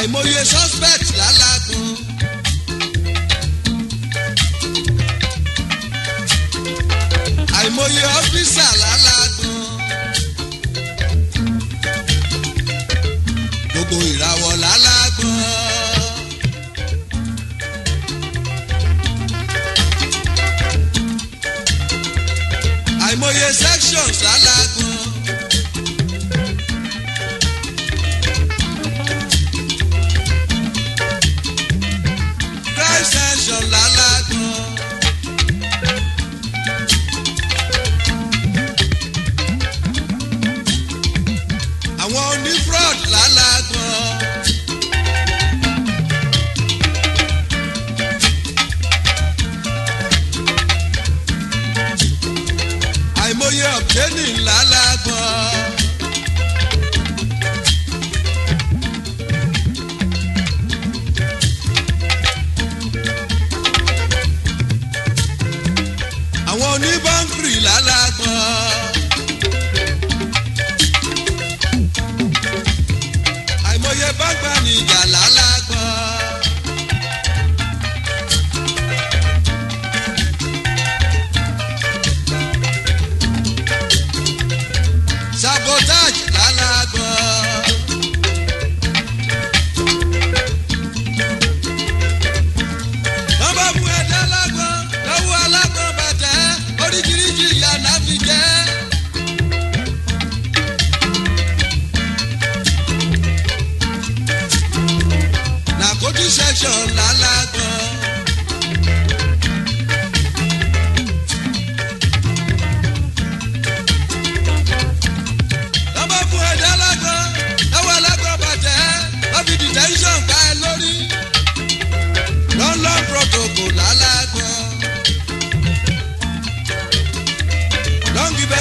àìmọye suspect lálágùn. àìmọye ọ́fíìsà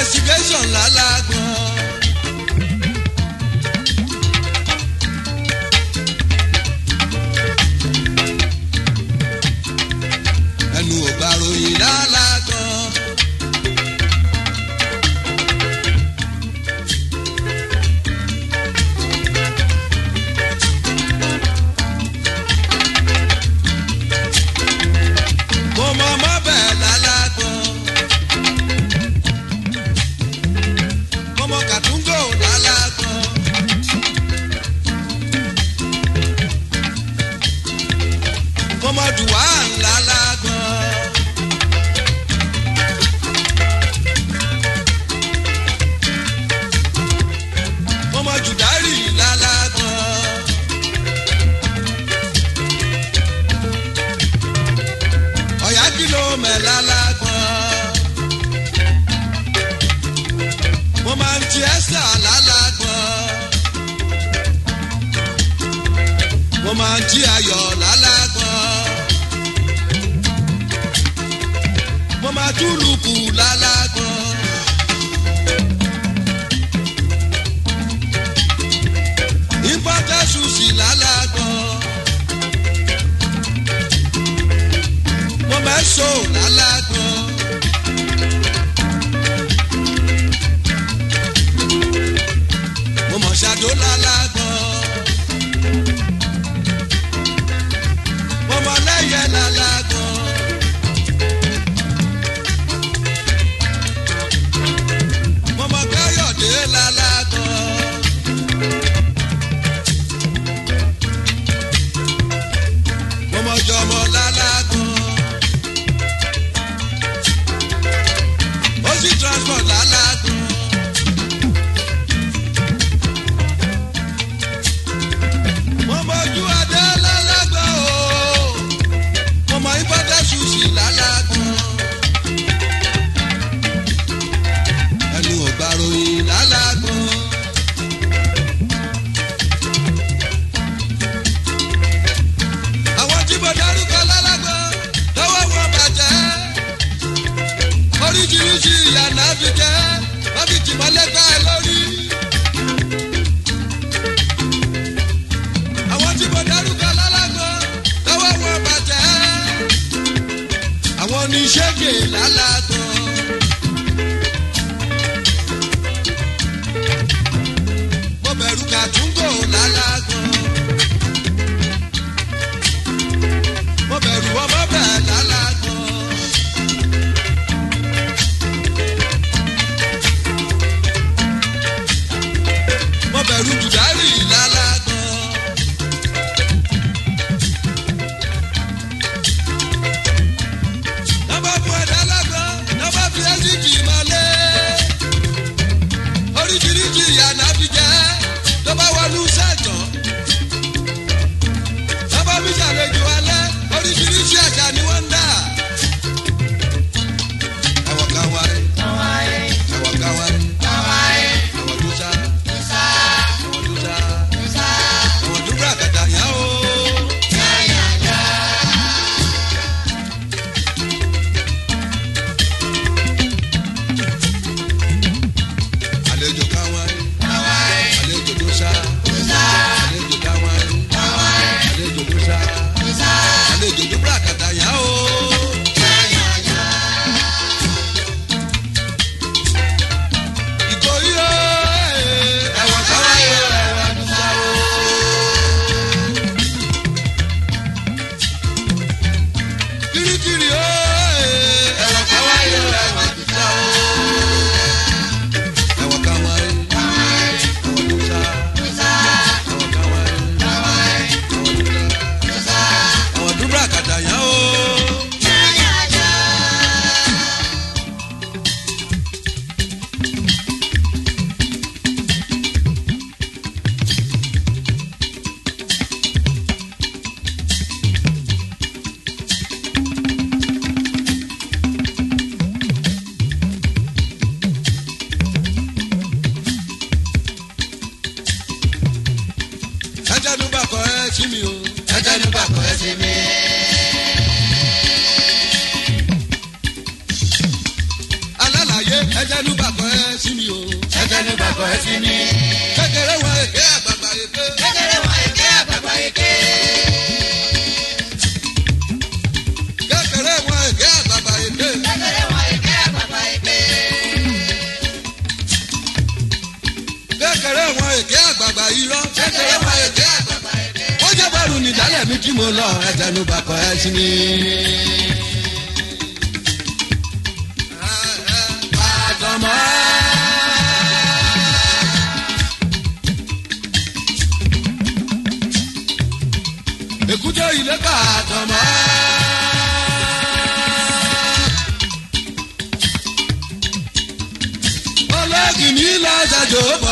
motivation lálágbọ́n. máa jí ayọ̀ lálágbọ́n. mo máa túlùkù lálágbọ́n. ìpọ́tẹ́sù sì lálágbọ́n. mo máa ń sọ. ṣégè lálá. sí mi o. tọ́jọ́ ní pàkó ẹ sí mi. alálàyé ẹjẹ́ ní pàkó ẹ sí mi o. tọ́jọ́ ní pàkó ẹ sí mi. kékeré wa èké àgbàgbà èké. kékeré wa èké àgbàgbà èké. kékeré wa èké àgbàgbà èké. kékeré wa èké àgbàgbà èké. kékeré wa èké àgbàgbà irọ́. kékeré wa èké mi jálẹ̀ mi kí mo lọ ẹ̀tẹ̀nubàkọ̀ ẹ̀ sí mi. Bàdàmọ́. èkúté ilé bàdàn mọ́. ní lọ́sàjò bọ̀.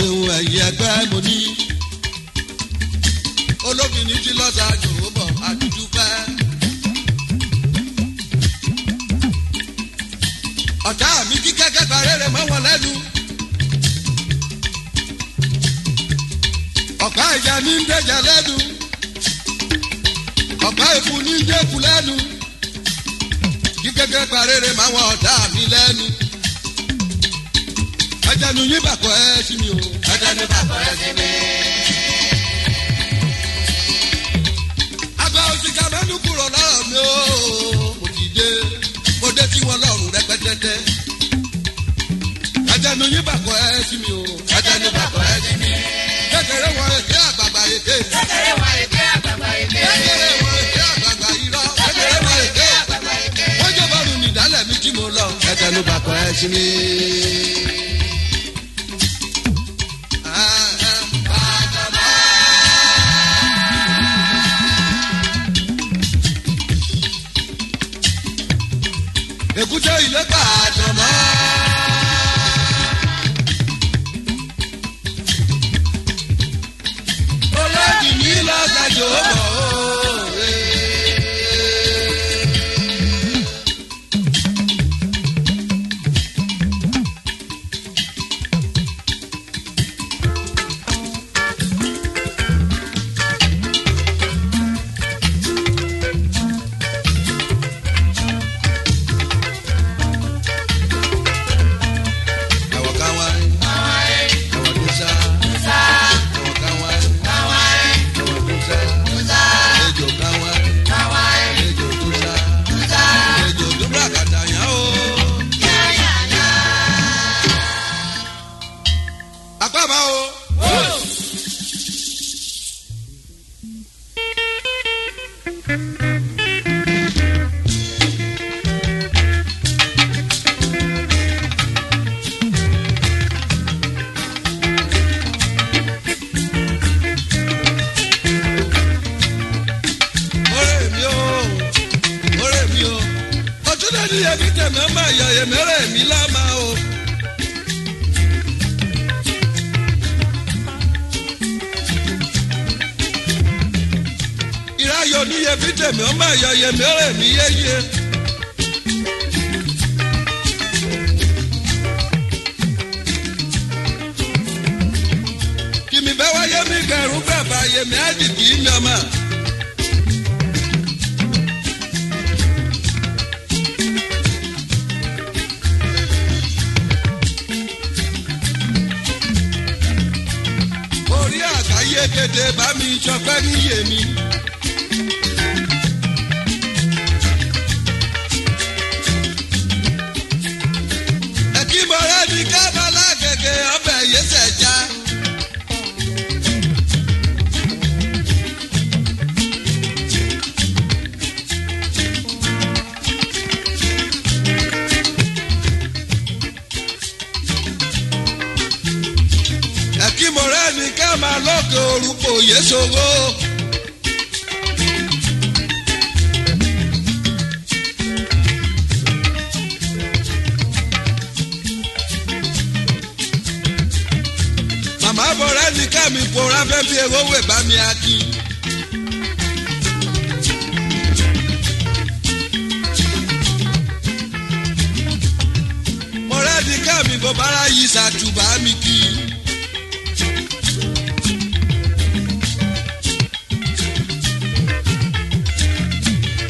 ṣeun ẹ̀yẹ ẹgbẹ́ mo ní. olóbìnrin ti lọ́sà jòwó bọ̀ àdúdú pẹ́. ọ̀tá mi kí kẹ́kẹ́ parẹ́ rẹ̀ mọ́ wọn lẹ́nu. ọ̀pá ìjà ní ń déjà lẹ́nu. ọ̀pá ìkù ní ń dẹ́kù lẹ́nu. kí kẹ́kẹ́ parẹ́ rẹ̀ mọ́ wọn ọ̀tá mi lẹ́nu ẹjẹnu yín bàkọ ẹ sí mi o. ẹjẹnu bàkọ ẹ sí mi. àgbà òsìkà mẹ́nu kúrò lọ́rọ̀ mi o. mo ti dé mo dé tí wọ́n lọ́rùn rẹpẹtẹtẹ. ẹjẹnu yín bàkọ ẹ sí mi o. ẹjẹnu bàkọ ẹ sí mi. kékeré wọn èké àgbàgbà èké. kékeré wọn èké àgbàgbà èké. kékeré wọn èké àgbàgbà irọ́. kékeré wọn èké àgbàgbà èké. wọ́n jọba mi nìdálẹ̀ mi tí mo lọ. ẹjẹnu bàkọ ẹ sí mi. mi ó máa yọ mi ó rè mí yéye. kìmí bẹ́ wáyé mi gbẹ̀rú bàbá yé mi á dì kì í mi ọmọ. orí àgbáyé kéde bá mi jọpẹ́ níyè mi. ìyá mi kò ráfẹ́ fi èrò wè bá mi akin. mọ̀rẹ́ di ká mi kò bára yí ṣàtúbà mi kì í.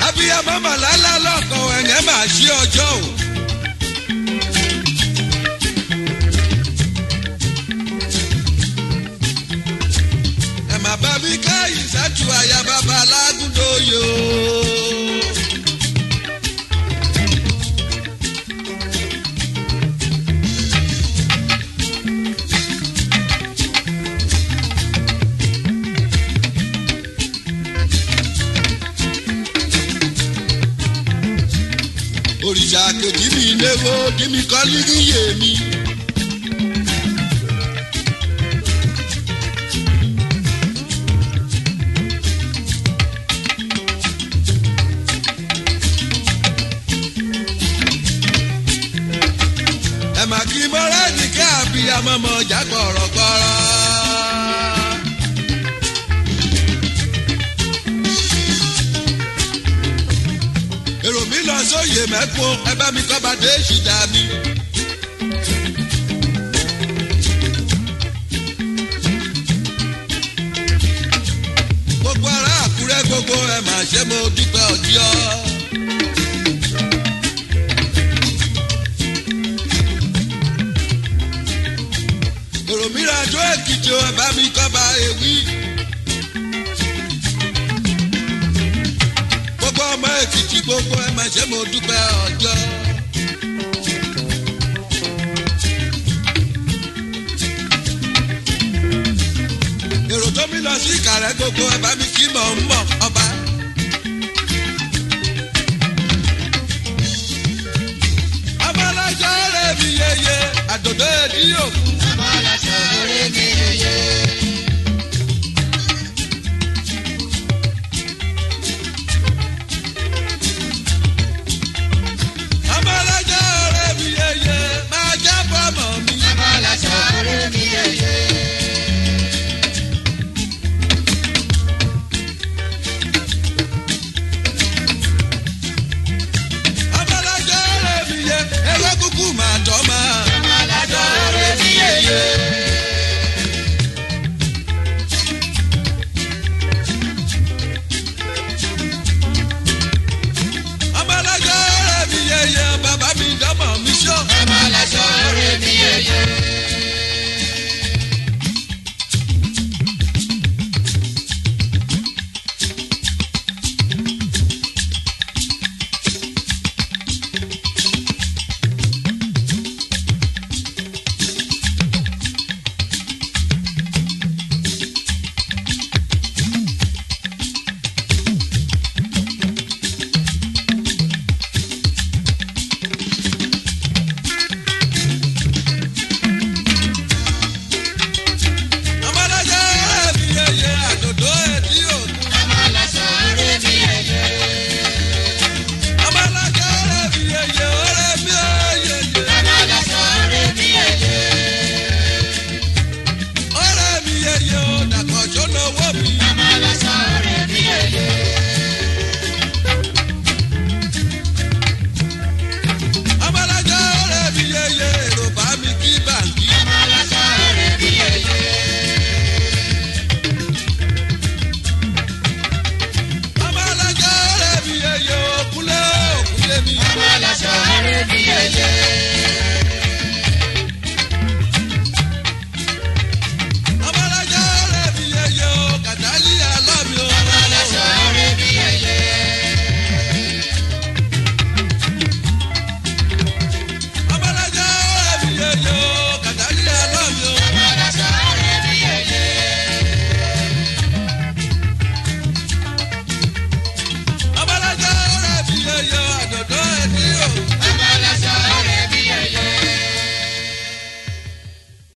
abiyamọ màlálà lọkọ ẹ̀yẹ́ màá ṣí ọjọ́. dákun ẹ bá mi kọ́ba dé ìṣìdá mi. gbogbo ará Àkúrẹ́ gbogbo ẹ̀ mà ṣe mo dúpẹ́ ọjọ́. mọ̀ ṣé mo dúpẹ́ ọjọ́. èrò tó mi lọ sí ìkàrẹ́ gbogbo ẹ̀ bá mi kí mọ̀ ń mọ̀ ọba. ọmọ ọlọ́jọ́ rẹ̀ mi yeye àdòdó èdè òkú.